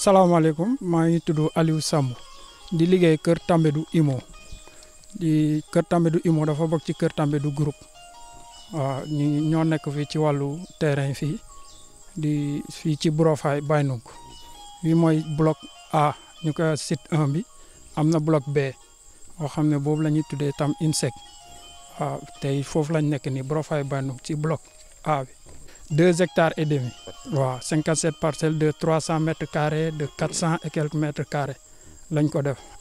Assalamualaikum, maa ngi tudd Aliou Samb di liggéey Kër du Imo di Kër du Imo dafa bokk ci Kër du groupe waaw ñu ñoo nekk fi ci wàllu terrain fii di fii ci Burofay Baynug wi mooy bloc A ñu koy site 1 bi am bloc B boo xam ne boobu la ñuy tuddee tam INSEC waaw tey foofu lañ nekk ni Burofay Baynug ci bloc A bi. 2 hectares et demi 57 parcelles de 300 mètres carrés de 400 et quelques mètres carrés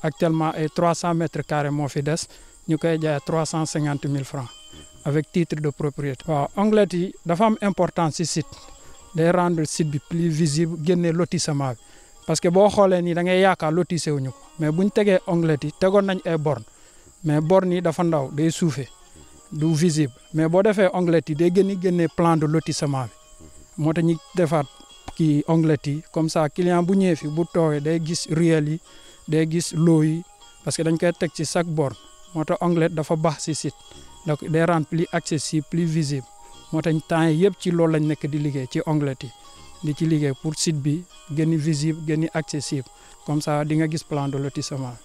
actuellement 300 mètres carrés mon fi nous avons 350 000 francs avec titre de propriété. waaw c'est important ce am importance ci site de rendre site plus visible génne lotissement parce que si vous regardez, da ngay mais si vous avez onglet vous nañ ay bornes mais bornes yi dafa ndaw du visible mais boo defee onglet yi day gën a génne plan de lotissement bi moo tax ñu defaat kii onglet yi comme ça client bu ñëwee fi bu toogee day gis ruelle yi day gis loo yi parce que dañ koy teg ci chaque borne moo tax onglet dafa baax si site donc day rendre plus accessible plus visible moo tax temps yi yëpp ci loolu lañ nekk di liggéey ci onglet yi di ci liggéey pour site bi gën a visible gën a accessible comme ça di nga gis plan de lotissement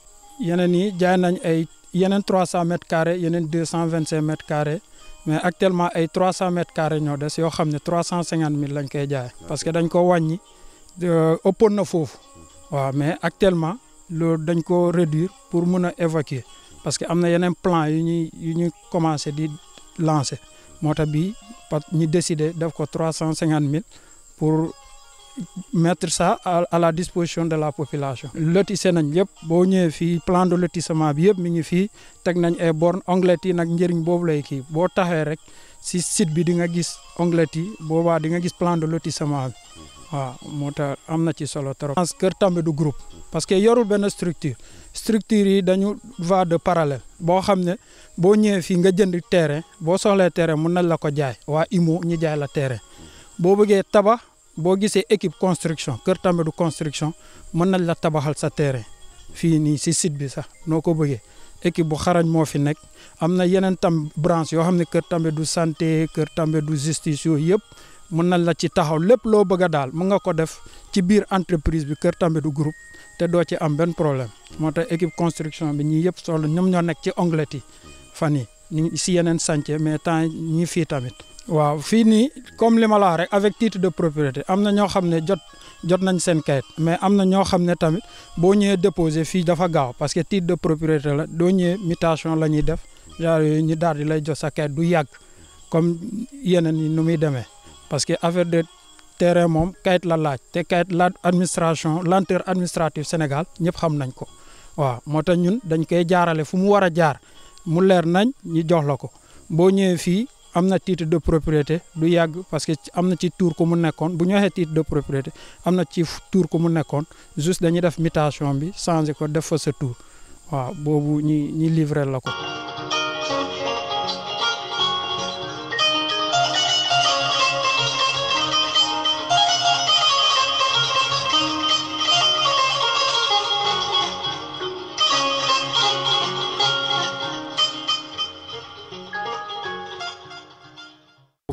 yeneen yi jaay nañ ay yeneen 300 mètres carrés yeneen 225 mètres carrés mais actuellement ay 300 mètres carrés ñoo des yoo xam ne 350 000 lañ koy jaay parce que dañ ko wàññi euh, ëppoon na foofu waaw mais actuellement loolu dañ ko réduire pour mun a évacuer parce que am na yeneen plan yu ñuy yu ñuy commencé di lancer moo tax bii parce ñu décider def ko 350 000 pour. mettre sa à la disposition de la population. lotissé nañ yëpp boo ñëwee fii plan de lotissement bi yëpp mi ngi fii teg nañ ay bornes onglettes yi nag njëriñ boobu lay kii boo taxee rek si site bi di nga gis onglettes yi boobaa di nga gis plan de lotissement bi waaw moo tax am na ci solo trop. parce que Kër Tambadou groupe parce que yorul benn structure structure yi dañu va de parallèle boo xam ne boo ñëwee fii nga jënd terrain boo soxlee tere mun nañ la ko jaay waa IMO ñi jaay la terrain boo bëggee boo gisee équipe construction Kër du construction mën nañ la tabaxal sa tere fii nii si sit bi sax noo ko bëggee équipe bu xarañ moo fi nekk am na yeneen tam branche yoo xam ne Kër du santé Kër Tambadou du yooyu yëpp mën nañ la ci taxaw lépp loo bëgg a daal mën nga ko def ci biir entreprise bi Kër du group te doo ci am benn problème moo tax équipe construction bi ñii yëpp solo ñoom ñoo nekk ci onglet yi fan yi ñu si yeneen chantier mais temps ñi fii tamit waaw fini comme li ma rek avec titre de propriété am na ñoo jot jot nañ seen kayit mais am na ñoo xam ne tamit boo ñëwee déposé fii dafa gaaw parce que titre de propriété la doo ñëwee mutation la ñuy def genre yooyu ñu daal di lay jot sa kayit du yàgg comme yeneen yi nu muy parce que affaire de terrain moom kayit la laaj te kayit la administration lenteur administrative Sénégal ñëpp xam nañ ko waaw moo tax ñun dañ koy jaarale fu mu war a jaar mu leer nañ ñu jox la ko boo ñëwee am na titre de propriété du yàgg parce que am na ci tour ku mu nekkoon bu ñu waxee titre de propriété am na ci tour ku mu nekkoon juste dañuy def mutation bi changer ko def fa sa tour waaw boobu ñi ñi livré la ko.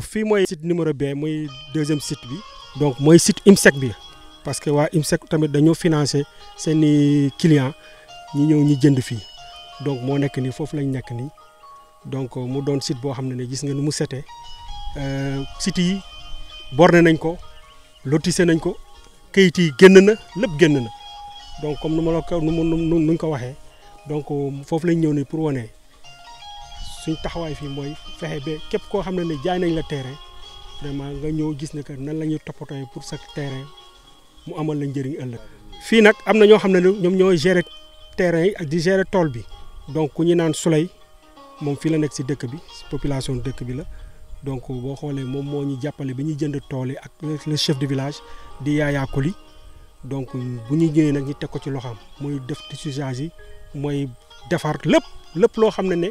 fii mooy site numéro B moy deuxième site bi donc moy site IMSEC bi parce que wa IMSEC tamit dañoo financer seen i clients ñi ñëw ñi jënd fi donc mo nek ni fofu lañ nek ni donc mu doon site bo xamné ne gis nga nu mu euh site yi borné nañ ko lotissé nañ ko kayit yi génn na na donc comme numa ma la ko nu mu ko donc fofu lañ ñëw ni pour woné suñ taxawaay fii mooy fexe ba képp koo xam ne ne jaay nañ la terrain vraiment nga ñëw gis ne que nan la ñuy toppatoo pour sa terrain mu amal na njëriñ ëllëg. fii nag am na ñoo xam ne ñoom ñooy gérer terrain yi ak di gérer tool bi donc ku ñu naan Souley moom fii la nekk si dëkk bi si population dëkk bi la donc boo xoolee moom moo ñu jàppale bi ñuy jënd tool yi ak le chef de village di Yaya Koli donc bu ñu ñëwee nag ñu teg ko ci loxoom muy def déchusage yi mooy defar lépp lépp loo xam ne ne.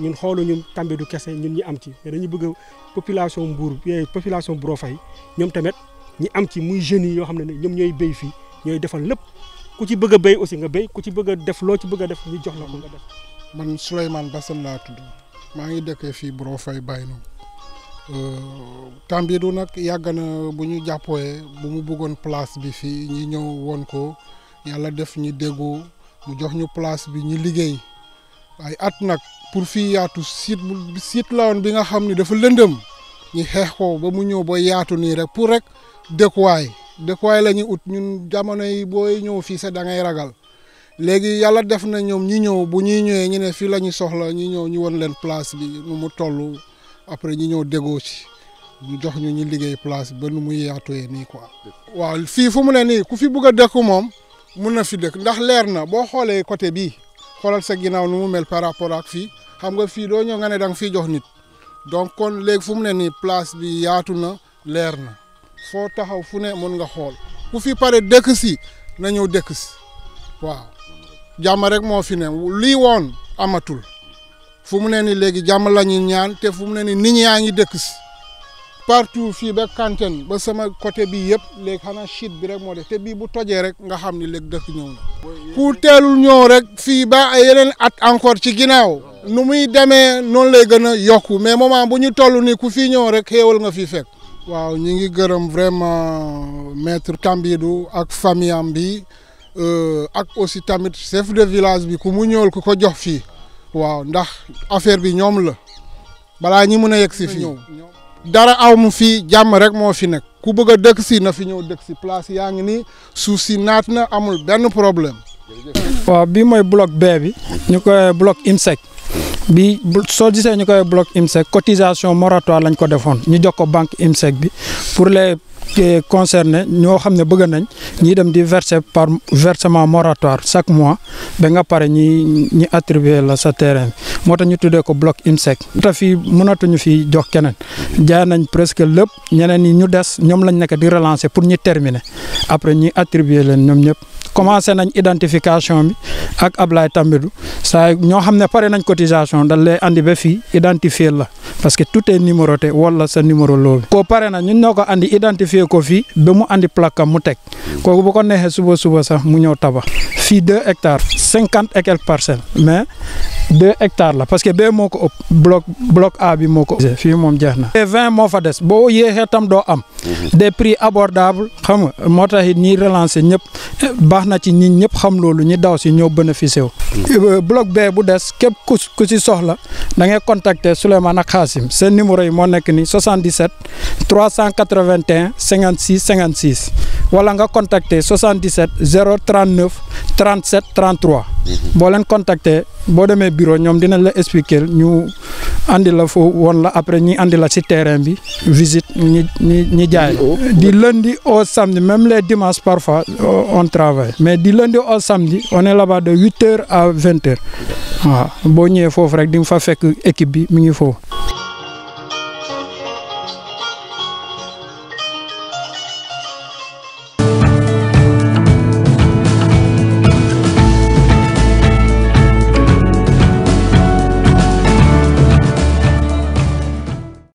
ñun xooluñu Tambédou kese ñun ñi am ci mais dañu bëgg population Mbour eh, population Bour Fay ñoom tamit ñi am ci muy jeunes yoo xam ne ñoom ñooy béy fii ñooy defal lépp ku ci bëgg a béy aussi nga béy ku ci bëgg def loo ci bëgg a def ñu jox la ko nga def. man Souleymane Bassène laa tudd maa ngi dëkkee fii Bour Fay bàyyi noonu euh, Tambédou nag yàgg na bu ñu jàppooyee bu mu bëggoon place bi fii ñi ñëw woon ko yàlla def ñu déggoo mu jox ñu place bi ñu liggéey waaye at nag. pour fii yaatu siit siit la woon bi nga xam ni dafa lëndëm ñu xeex ko ba mu ñëw ba yaatu nii rek pour rek dëkkuwaay dëkkuwaay la ñuy ut ñun jamono yi booy ñëw fii sax da ngay ragal léegi yàlla def na ñoom ñi ñëw bu ñuy ñëwee ñu ne fii la ñu soxla ñu ñëw ñu won leen place bi nu mu toll après ñu ñëw déggoo ci ñu jox ñu ñu liggéey place ba nu muy yaatuwee nii quoi. waaw fii fu ne nii ku fi bugg a moom mun na fi dëkk ndax leer na boo xoolee côté bii. xoolal sa ginnaaw nu mu mel par rapport ak fii xam nga fii doo ñëw nga ne da nga jox nit donc kon léegi fu mu ne nii place bi yaatu na leer na foo taxaw fu ne mën nga xool ku fi pare dëkk si na ñëw dëkk si waaw jàmm rek moo fi ne lii amatul fu mu ne nii léegi jàmm la ñuy ñaan te fu mu ne ni nit ñaa ngi dëkk si. partout fi ba Kantene ba sama côté bi yëpp léegi xana shit bi rek mo def te bi bu tojee rek nga xamni ni dëkk ñëw na ku teelul ñëw rek fi ba ay yenen at encore ci ginaaw nu muy démé non lay gëna a yokku mais moment bu ñu tollu ni ku fi ñëw rek xéewal nga fi fekk waaw ñi ngi gërëm vraiment maître Tambidou ak famille am bi euh, ak aussi tamit chef de village bi ku mu ñëwul ku ko jox fi waaw ndax affaire bi ñom la bala ñi mëna dara aw fi jam rek mo fi nek ku bëgg dëkk si na fi ñëw dëkk si place yaangi ni suusi natna na amul benn problème. waaw bi moy bloc B bi ñukoy bloc IMSEC bi so gisé ñukoy bloc IMSEC cotisation moratoire lañ ko defoon ñu jox ko banque IMSEC bi pour les concernés ñoo xam ne bëgg nañ ñi dem di verser par versement moratoire chaque mois ba nga pare ñi ñi attribuer la sa terrain moo ñu tuddé ko bloc ta fi fii mënatuñu fi jox kenen jaay nañ presque lepp ñeneen ñi ñu dess ñom lañ nekk di relancer pour ñi terminer après ñi attribuer leen ñom ñep commencé nañ identification bi ak Ablaye Tambidou sa ño xamné paré nañ cotisation dal lay andi ba fi identifier la parce que tout est numéroté wala sa numéro lo ko paré pare na ñun ñoko andi identifier ko fi be mu andi plaque mu tek kooku bu ko nexé suba suba sax mu ñëw taba fi 2 hectares 50 et quelques mais deux hectares la parce que bee moko op bloc bloc A bi moko fi mom jaxna moom 20 na fa dess bo yéexee tam do am mhm. des prix abordables xam nga moo tax relancer ñep baxna ci ñi ñep xam lolu ñi daw ci ñoo bénéficier wu mhm. bloc B bu dess kep ku ci soxla da ngay contacter Souleymane Khassim sen numéro yi mo nek ni 77 381 56 56 wala nga contacter 77 039 37 33 boo leen contacter boo demee bureau ñoom dinañ la expliquer ñu andi la fo woon la après ñi andi la si terrain bi visite ñi ñi ñi jaay. di lënd o samedi même les dimanches parfois on travaille mais di lundi au samedi on est de huit heures à vingt heures boo ñëwee foofu rek di fa fekk équipe bi mi ngi foofu.